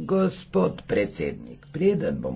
Gospod predsednik, preden bom